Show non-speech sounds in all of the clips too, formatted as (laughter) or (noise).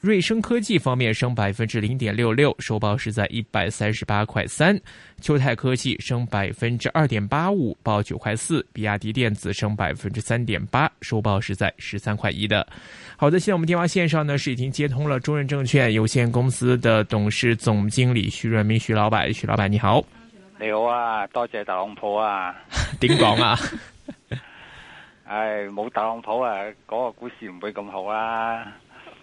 瑞聲科技方面升百分之零點六六，收報是在一百三十八塊三。秋泰科技升百分之二點八五，報九塊四。比亞迪電子升百分之三點八，收報是在十三塊一的。好的，現在我們電話線上呢是已經接通了中潤證券有限公司的董事總經理徐潤民，徐老闆，徐老闆你好。你好啊，多謝特朗普啊。 (laughs) 頂廣啊 (laughs) 、哎。唉，冇特朗普啊，嗰、那個股市唔會咁好啊。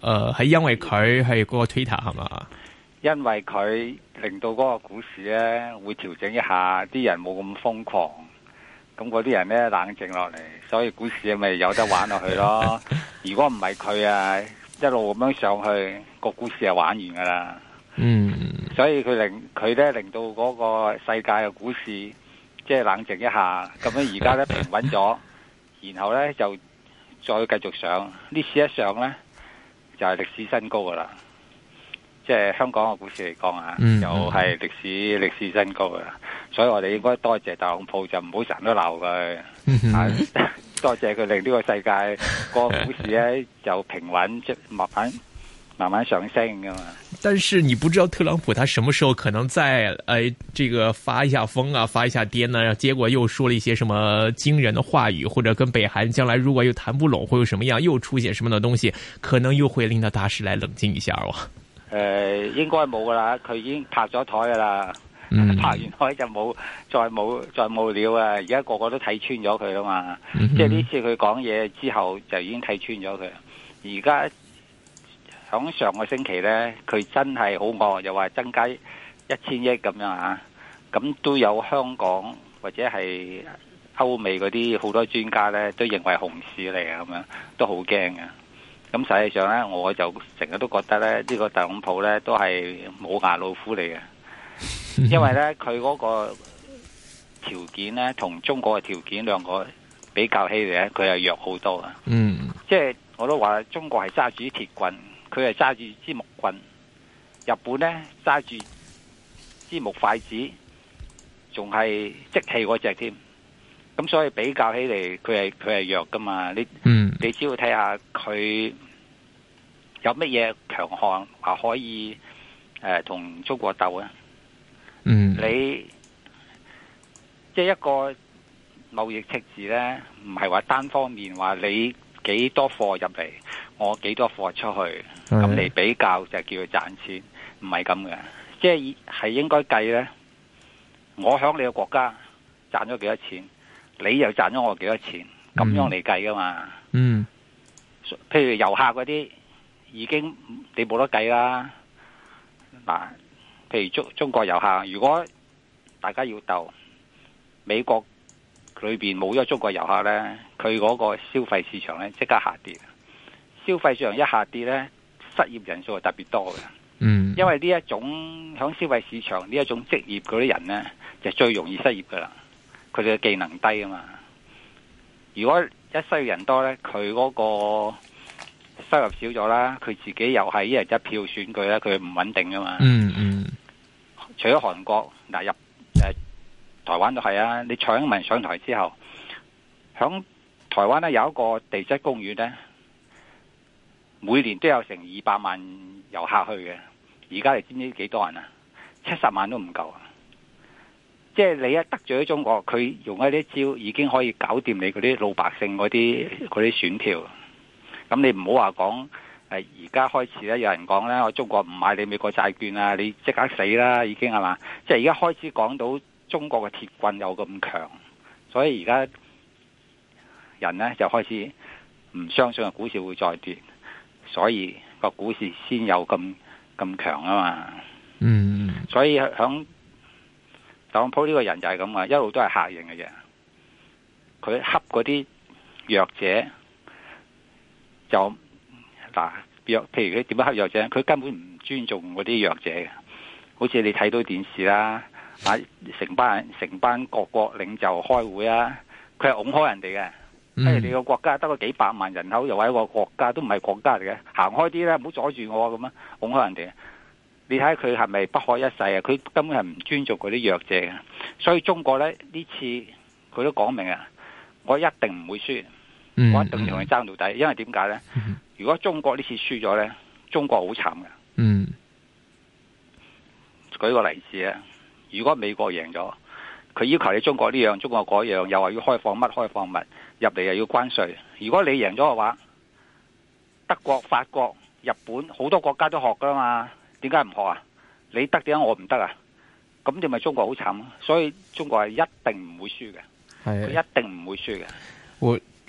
誒，係、呃、因為佢係嗰個 Twitter 係嘛？是因為佢令到嗰個股市咧會調整一下，啲人冇咁瘋狂，咁嗰啲人咧冷靜落嚟，所以股市咪有得玩落去咯。 (laughs) 如果唔係佢啊，一路咁樣上去，個股市就玩完噶啦。嗯，所以佢令佢咧令到嗰個世界嘅股市即係、就是、冷靜一下，咁樣而家咧平穩咗， (laughs) 然後咧就再繼續上。呢次一上咧，就係歷史新高噶啦，即係香港、嗯、個，個股市嚟講啊，又係歷史歷史新高噶啦，所以我哋應該多謝特朗普，就唔好成日都鬧佢，多謝佢令呢個世界個股市咧又平穩，即係物品。慢慢上升㗎嘛。但是，你不知道特朗普他什麼時候可能再誒、呃，這個發一下瘋啊，發一下癲呢、啊，結果又說了一些什麼驚人的話語，或者跟北韓將來如果又談不攏會有什麼樣，又出現什麼的東西，可能又會令到大市來冷靜一下哦。誒、呃，應該冇噶啦，佢已經拍咗台噶啦，拍、嗯、拍完台就冇再冇再冇料啊！而家個個都睇穿咗佢啊嘛，即係呢次佢講嘢之後就已經睇穿咗佢，而家。響上個星期咧，佢真係好惡，又話增加一千億咁樣吓，咁都有香港或者係歐美嗰啲好多專家咧都認為熊市嚟嘅，咁樣都好驚嘅。咁實際上咧，我就成日都覺得咧，呢個特朗普咧都係冇牙老虎嚟嘅，因為咧佢嗰個條件咧同中國嘅條件兩個比較起嚟咧，佢係弱好多啊。嗯，即係我都話中國係揸住啲鐵棍。佢係揸住支木棍，日本咧揸住支木筷子，仲係積氣嗰隻添。咁所以比較起嚟，佢係佢係弱㗎嘛。你、嗯、你只要睇下佢有乜嘢強項，話可以誒同、呃、中國鬥啊。嗯、你即係、就是、一個貿易赤字咧，唔係話單方面話你幾多貨入嚟。.我幾多貨出去咁嚟比較，就叫佢賺錢，唔係咁嘅，即係係應該計呢，我響你嘅國家賺咗幾多錢，你又賺咗我幾多錢，咁樣嚟計噶嘛？嗯，譬如遊客嗰啲已經你冇得計啦。嗱，譬如中中國遊客，如果大家要鬥美國裏邊冇咗中國遊客呢，佢嗰個消費市場呢，即刻下跌。消費市場一下，下跌呢，失業人數係特別多嘅。嗯，因為呢一種響消費市場呢一種職業嗰啲人呢，就最容易失業噶啦。佢哋嘅技能低啊嘛。如果一失業人多呢，佢嗰個收入少咗啦，佢自己又係一人一票選舉咧，佢唔穩定啊嘛。嗯嗯。嗯，除咗韓國嗱，入誒台灣都係啊。你蔡英文上台之後，響台灣呢，有一個地質公園呢。每年都有成二百萬遊客去嘅，而家你知唔知幾多人啊？七十萬都唔夠啊！即係你一得罪咗中國，佢用一啲招已經可以搞掂你嗰啲老百姓嗰啲嗰啲選票。咁你唔好話講，係而家開始咧，有人講咧，我中國唔買你美國債券啊，你即刻死啦，已經係嘛？即係而家開始講到中國嘅鐵棍有咁強，所以而家人呢，就開始唔相信股市會再跌。所以個股市先有咁咁強啊嘛，嗯，mm. 所以響特朗普呢個人就係咁啊，一路都係嚇人嘅嘢，佢恰嗰啲弱者，就嗱弱，譬如佢點樣恰弱者，佢根本唔尊重嗰啲弱者嘅，好似你睇到電視啦，啊啊，成班成班各國領袖開會啊，佢係㧬開人哋嘅。嗯、哎，你個國家得個幾百萬人口，又係一個國家，都唔係國家嚟嘅。行開啲啦，唔好阻住我咁樣，拱開人哋。你睇下佢係咪不可一世啊？佢根本係唔尊重嗰啲弱者嘅。所以中國咧呢次佢都講明啊，我一定唔會輸，嗯、我一定要同佢爭到底。因為點解咧？嗯、如果中國呢次輸咗咧，中國好慘噶。嗯。舉個例子啊，如果美國贏咗。佢要求你中國呢樣，中國嗰樣，又話要開放乜開放物入嚟，又要關稅。如果你贏咗嘅話，德國、法國、日本好多國家都學噶嘛，點解唔學啊？你得點解我唔得啊？咁你咪中國好慘？所以中國係一定唔會輸嘅，佢係啊 一定唔會輸嘅。會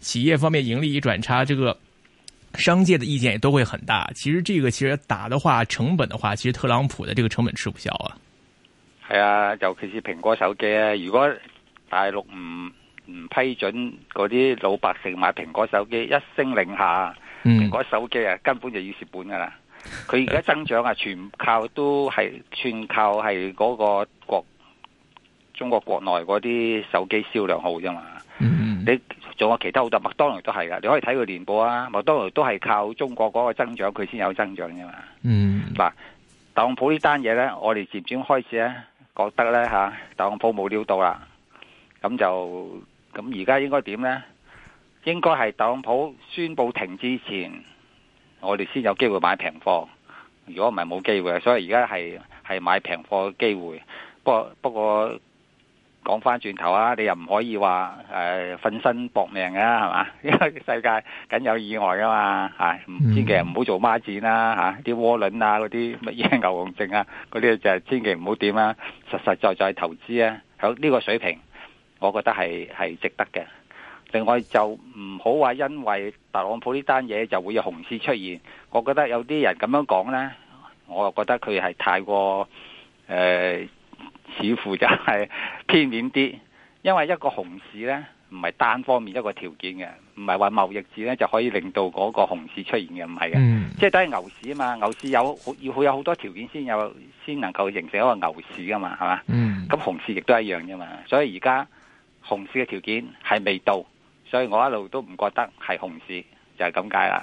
企業方面盈利一轉差，這個商界的意見也都會很大。其實這個其實打的話，成本的話，其實特朗普的這個成本吃不消啊。係啊，尤其是蘋果手機啊，如果大陸唔唔批准嗰啲老百姓買蘋果手機，一聲令下，嗯、蘋果手機啊根本就要蝕本噶啦。佢而家增長啊，全靠都係全靠係嗰個國中國國內嗰啲手機銷量好啫嘛。嗯嗯、你。仲有其他好多，麥當勞都係噶，你可以睇佢年報啊。麥當勞都係靠中國嗰個增長，佢先有增長㗎嘛。嗱、mm. 啊，特朗普呢單嘢咧，我哋漸漸開始咧覺得咧嚇，特朗普冇料到啦。咁就咁而家應該點咧？應該係特朗普宣布停之前，我哋先有機會買平貨。如果唔係冇機會，所以而家係係買平貨嘅機會。不過不過。講翻轉頭啊！你又唔可以話誒瞓身搏命啊係嘛？因為世界梗有意外㗎嘛，唔千祈唔好做孖展啦嚇啲窩輪啊嗰啲乜嘢牛熊證啊嗰啲就千祈唔好點啊！實、啊啊啊、實在在投資啊，喺、這、呢個水平，我覺得係係值得嘅。另外就唔好話因為特朗普呢單嘢就會有熊市出現，我覺得有啲人咁樣講呢我覺得佢係太過誒。呃似乎就係偏面啲，因為一個熊市呢，唔係單方面一個條件嘅，唔係話貿易戰呢就可以令到嗰個熊市出現嘅，唔係嘅，嗯、即係等於牛市啊嘛。牛市有要佢有好多條件先有，先能夠形成一個牛市噶嘛，係嘛？咁、嗯、熊市亦都係一樣啫嘛。所以而家熊市嘅條件係未到，所以我一路都唔覺得係熊市，就係咁解啦。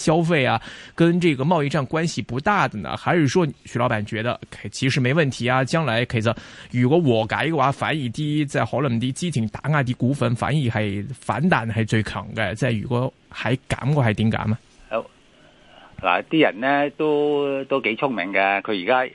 消費啊，跟這個貿易戰關係不大的呢？還是說徐老闆覺得其實沒問題啊？將來其實，如果和解嘅話反而啲，即係可能啲之前打壓啲股份反，反而係反彈係最強嘅。即係如果喺減過係點減啊？嗱，啲人呢都都幾聰明嘅，佢而家。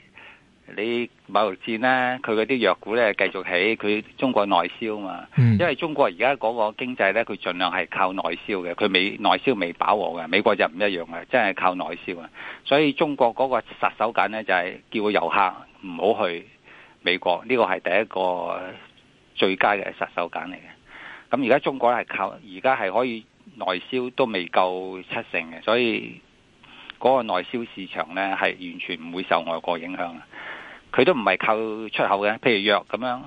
你某線呢，佢嗰啲藥股呢，繼續起，佢中國內銷嘛，嗯、因為中國而家嗰個經濟呢，佢盡量係靠內銷嘅，佢未內銷未飽和嘅，美國就唔一樣嘅，真係靠內銷啊！所以中國嗰個殺手鐧呢，就係、是、叫遊客唔好去美國，呢個係第一個最佳嘅殺手鐧嚟嘅。咁而家中國係靠，而家係可以內銷都未夠七成嘅，所以嗰個內銷市場呢，係完全唔會受外國影響。佢都唔係靠出口嘅，譬如藥咁樣，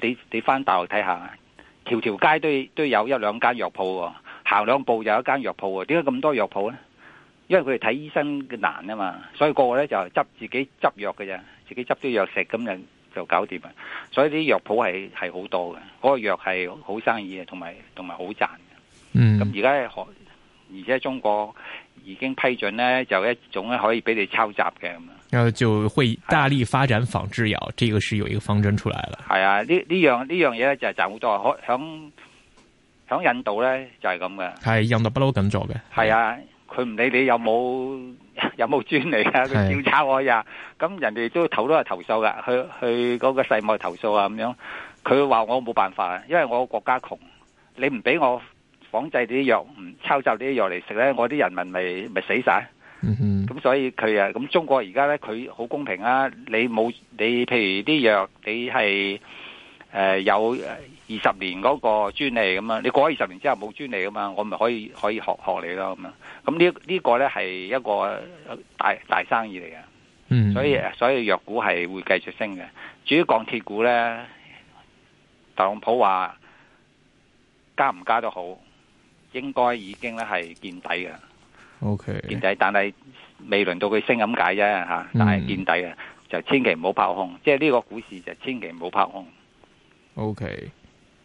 你你翻大陸睇下，條條街都都有一兩間藥鋪喎，行兩步就有一間藥鋪喎，點解咁多藥鋪呢？因為佢哋睇醫生嘅難啊嘛，所以個個呢就執自己執藥嘅啫，自己執啲藥食咁樣就搞掂啊。所以啲藥鋪係係好多嘅，嗰個藥係好生意啊，同埋同埋好賺。嗯，咁而家可。而且中國已經批准咧，就一種咧可以俾你抄襲嘅，咁就會大力發展仿製藥，呢個是有一個方針出嚟喇。係啊，呢呢樣呢樣嘢咧就係賺好多，響響印度咧就係咁嘅。係印度不嬲咁做嘅。係啊，佢唔理你有冇有冇專利啊，佢照抄我呀。咁人哋都投都係投訴噶，去去嗰個世貿投訴啊咁樣。佢話我冇辦法，因為我國家窮，你唔俾我。仿製啲藥唔抄襲啲藥嚟食咧，我啲人民咪咪死晒。咁所以佢啊，咁中國而家咧，佢好公平啊！你冇你，譬如啲藥，你係誒有二十年嗰個專利咁啊，你過咗二十年之後冇專利噶嘛，我咪可以可以學學你咯，咁啊。咁呢呢個咧係一個大大生意嚟嘅。嗯，所以所以藥股係會繼續升嘅。至於鋼鐵股咧，特朗普話加唔加都好。應該已經咧係見底嘅，OK，見底。但係未輪到佢升咁解啫嚇，但係見底嘅、mm. 就千祈唔好拋空。即係呢個股市就千祈唔好拋空。OK。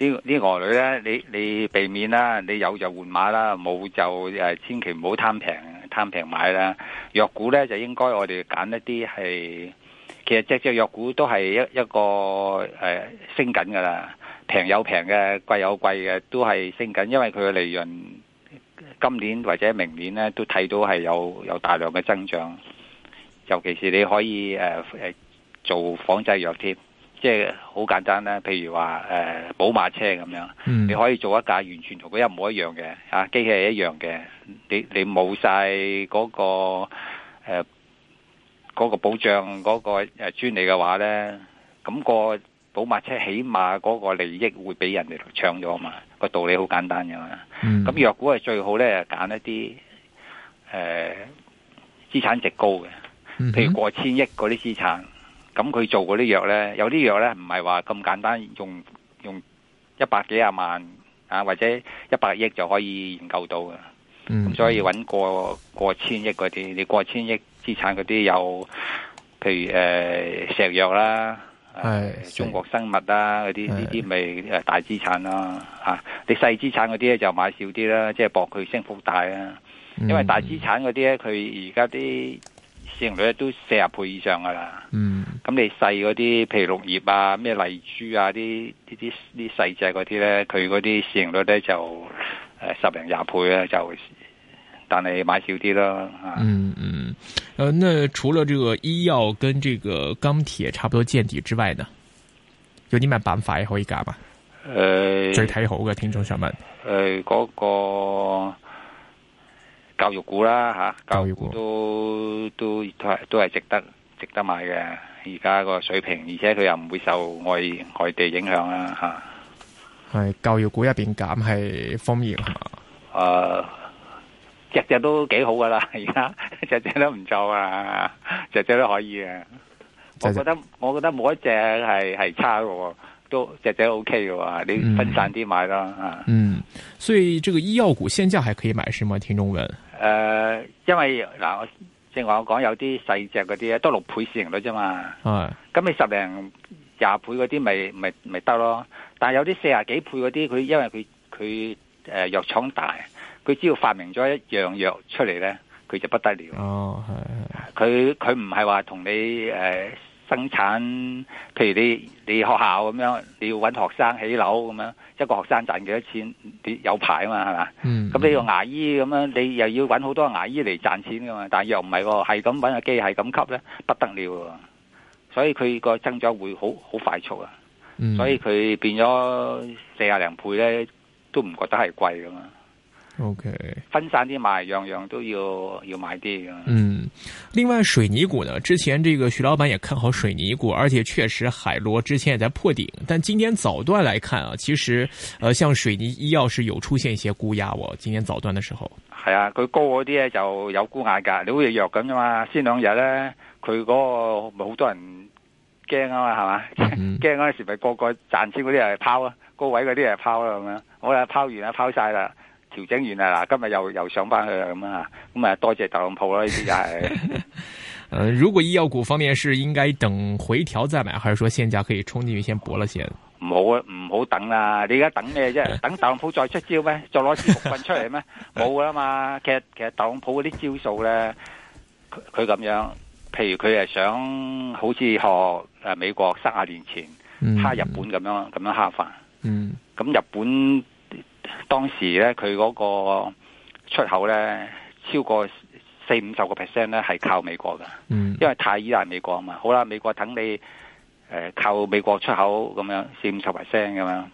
女呢呢個女咧，你你避免啦，你有就換馬啦，冇就，誒千祈唔好貪平，貪平買啦。藥股咧，就應該我哋揀一啲係，其實只隻藥股都係一一個誒、呃、升緊噶啦，平有平嘅，貴有貴嘅，都係升緊，因為佢嘅利潤今年或者明年咧，都睇到係有有大量嘅增長，尤其是你可以誒誒、呃、做仿製藥添。即係好簡單咧，譬如話誒寶馬車咁樣，嗯、你可以做一架完全同佢一模一樣嘅，啊機器係一樣嘅，你你冇晒嗰個誒、呃嗰個保障嗰個誒專利嘅話咧，咁、嗰個寶馬車起碼嗰個利益會俾人哋搶咗啊嘛，個道理好簡單噶嘛。咁藥股係最好咧，揀一啲誒資產值高嘅，譬如過千億嗰啲資產。嗯咁佢做嗰啲藥呢，有啲藥呢唔係話咁簡單，用用一百幾廿萬啊，或者一百億就可以研究到嘅。咁、嗯、所以揾過過千億嗰啲，你過千億資產嗰啲有，譬如誒、呃、石藥啦，係、啊、中國生物啦、啊、啲，呢啲咪誒大資產咯。嚇、啊，你細資產嗰啲呢就買少啲啦，即係博佢升幅大啊。因為大資產嗰啲呢，佢而家啲。市盈率都四十倍以上噶啦，咁、嗯嗯、你細嗰啲，譬如綠葉啊、咩麗珠啊、啲呢啲啲細隻嗰啲咧，佢嗰啲市盈率咧就誒十零廿倍啊，就但係買少啲啦。嗯嗯，誒、呃，那除了這個醫藥跟這個鋼鐵差不多見底之外呢，有啲咩辦法可以解嘛？誒、呃，最睇好嘅聽眾想問，誒、呃呃那個。教育股啦吓，教育股都都都係都係值得值得買嘅，而家個水平，而且佢又唔會受外外地影響啦。吓。係教育股入邊減係豐業，誒、啊，只只都幾好噶啦，而家隻只都唔錯啊，只只都可以嘅。我覺得我覺得冇一隻係係差嘅，都只只 O K 嘅，你分散啲買啦嗯。嗯，所以這個醫藥股現價還可以買是嗎？聽中文。誒、呃，因為嗱，正話我講有啲細隻嗰啲，都六倍市盈率啫嘛。係，咁你的十零廿倍嗰啲，咪咪咪得咯。但係有啲四十幾倍嗰啲，佢因為佢佢誒藥廠大，佢只要發明咗一樣藥出嚟咧，佢就不得了。哦，係係，佢佢唔係話同你誒。呃生產，譬如你你學校咁樣，你要揾學生起樓咁樣，一個學生賺幾多錢？有牌啊嘛，係嘛？咁、嗯嗯、你個牙醫咁樣，你又要揾好多牙醫嚟賺錢噶嘛？但係又唔係喎，係咁揾個機，係咁吸咧，不得了。所以佢個增長會好好快速啊。所以佢變咗四廿零倍咧，都唔覺得係貴噶嘛。O Okay K，分散啲買，各樣各樣都要要買啲嘅。嗯，另外水泥股呢？之前這個徐老闆也看好水泥股，而且確實海螺之前也在破頂，但今天早段來看啊，其實，呃，像水泥醫藥是有出現一些沽壓、哦。我今天早段的時候，係啊，佢高嗰啲咧就有沽壓噶，你好似弱咁啫嘛。先兩日咧，佢嗰、那個咪好多人驚啊嘛，係嘛，驚嗰陣時咪個個賺錢嗰啲又拋啊，高位嗰啲又拋啦咁樣，我又拋完啊，拋晒啦。調整完啊，嗱，今日又又上翻去啦，咁啊，咁啊，多謝特朗普啦，呢啲係，誒， (laughs) 如果醫藥股方面係應該等回調再買，還是說現價可以衝進去先搏一先？唔好啊，唔好等啦，你而家等咩啫？等特朗普再出招咩？ (laughs) 再攞支木棍出嚟咩？冇噶啦嘛，其實其實特朗普嗰啲招數咧，佢咁樣，譬如佢係想好似學誒美國卅年前吓、嗯、日本咁樣咁樣吓翻，嗯，咁日本。當時咧，佢嗰個出口咧超過四五十個 percent 咧，係靠美國嘅，mm. 因為太依賴美國啊嘛。好啦，美國等你誒、呃、靠美國出口咁樣四五十 percent 咁樣，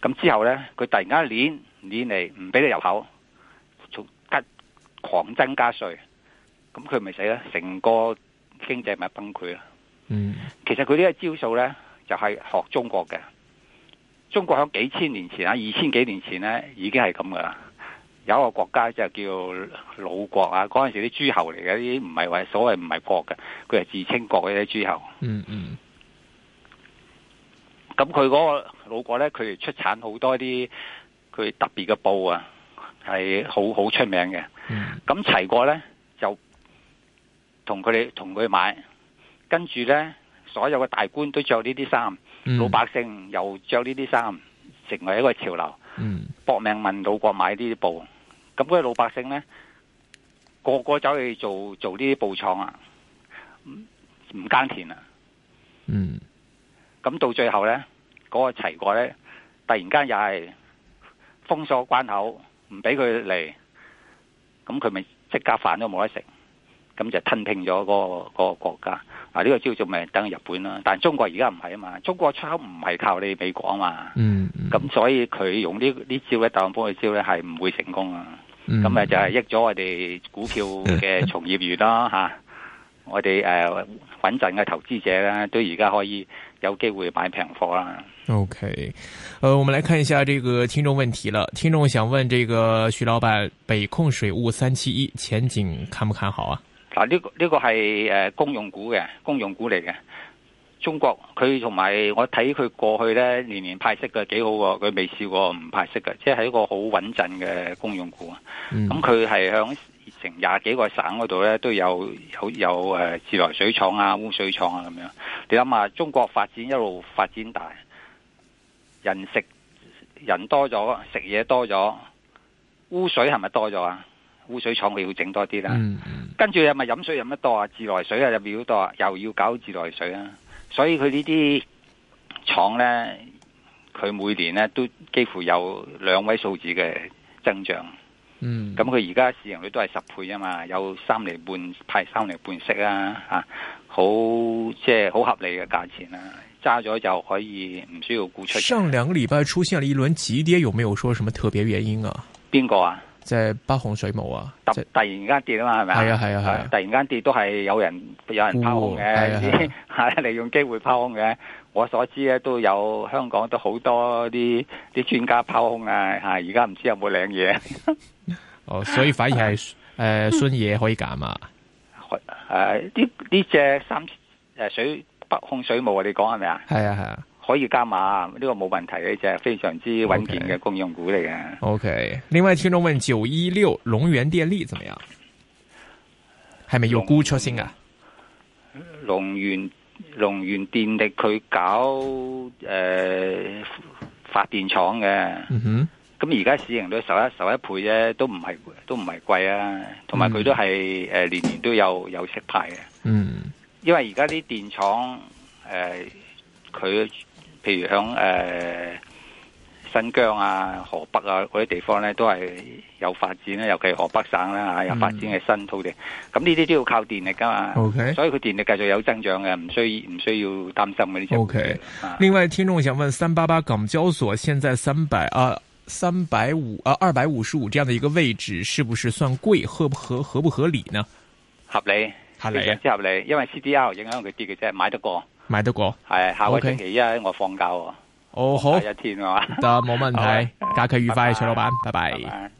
咁之後咧佢突然間碾碾嚟，唔俾你入口，仲狂增加稅，咁佢咪死啦？成個經濟咪崩潰啦？嗯，mm. 其實佢呢個招數咧就係、是、學中國嘅。中國喺幾千年前啊，二千幾年前咧，已經係咁噶啦。有一個國家就叫魯國啊，嗰陣時啲諸侯嚟嘅，啲唔係話所謂唔係國嘅，佢係自稱國嘅啲諸侯。嗯嗯。咁佢嗰個魯國咧，佢哋出產好多啲，佢特別嘅布啊，係好好出名嘅。咁、嗯、齊國咧，就同佢哋同佢買，跟住咧，所有嘅大官都着呢啲衫。Mm. 老百姓又着呢啲衫，成為一個潮流，搏、mm. 命問老國買呢啲布，咁嗰啲老百姓咧，個個走去做做呢啲布廠啊，唔耕田啊，嗯，咁到最後咧，嗰、嗰個齊國咧，突然間又係封鎖關口，唔俾佢嚟，咁佢咪即刻飯都冇得食。咁就吞併咗嗰個個嗰國家，嗱、這、呢個招做咪等日本啦。但係中國而家唔係啊嘛，中國出口唔係靠你美國啊嘛。嗯，咁所以佢用呢呢招咧、答案翻佢招特朗普嘅招咧係唔會成功啊。咁咪、嗯、就係益咗我哋股票嘅從業員啦嚇、 (laughs) 啊，我哋誒、呃、穩陣嘅投資者咧都而家可以有機會買平貨啦。OK，呃，我們來看一下這個聽眾問題啦。聽眾想問這個徐老闆，北控水務三七一前景看不看好啊？啊！呢、呢個呢、呢個係誒、呃、公用股嘅公用股嚟嘅，中國佢同埋我睇佢過去咧年年派息嘅幾好喎，佢未試過唔派息嘅，即係一個好穩陣嘅公用股啊。咁佢係響成廿幾個省嗰度咧都有有有誒、呃、自來水廠啊、污水廠啊咁樣。你諗下，中國發展一路發展大，人食人多咗，食嘢多咗，污水係咪多咗啊？污水廠佢要整多啲啦，嗯，跟住，又咪飲水飲得多啊，自來水啊入面，好多啊，又要搞自來水啊，所以佢呢啲廠咧，佢每年咧都幾乎有兩位數字嘅增長。嗯，咁佢而家市盈率都係十倍啊嘛，有三厘半派三厘半息啊，吓，好即係好合理嘅價錢啊。揸咗就可以唔需要沽出。上兩個禮拜出現了一輪急跌，有沒有說什麼特別原因啊？邊個啊？即係北控水務啊，突突然間跌啊嘛，係咪啊？係啊係啊係啊！突然間跌都係有人有人拋空嘅，係利用機會拋空嘅。我所知咧都有香港都好多啲啲專家拋空啊，吓而家唔知有冇領嘢。哦，所以反而係誒筍嘢可以揀啊，誒呢呢隻三誒水北控水務啊，你講係咪啊？係啊係啊。可以加碼，呢、這個冇問題嘅，就係非常之穩健嘅公用股嚟嘅。OK, okay.。另外，聽眾問九一六龍源電力怎麼樣？係咪要沽出先㗎？龍源龍源電力佢搞誒、呃、發電廠嘅，咁而家市盈率十一十一倍啫，都唔係都唔係貴啊。同埋佢都係誒、嗯呃、年年都有有息派嘅。嗯，因為而家啲電廠誒佢。呃它譬如響誒、呃、新疆啊、河北啊嗰啲地方咧，都係有發展咧，尤其河北省啦、啊，吓有發展嘅新土地，咁呢啲都要靠電力噶嘛。O Okay . K，所以佢電力繼續有增長嘅，唔需唔需要擔心嘅呢隻。O Okay . K，啊、另外聽眾想問：三八八港交所現在三百啊三百五啊二百五十五這樣嘅一個位置，是不是算貴？合不合合不合理呢？合理，非常之合理，因為 C D L 影響佢跌嘅啫，買得過。買得過，係下個星期一我放假喎，哦好，一天啊嘛，得冇問題，假期 (laughs) 愉快， (laughs) 徐老闆， (laughs) 拜拜。拜拜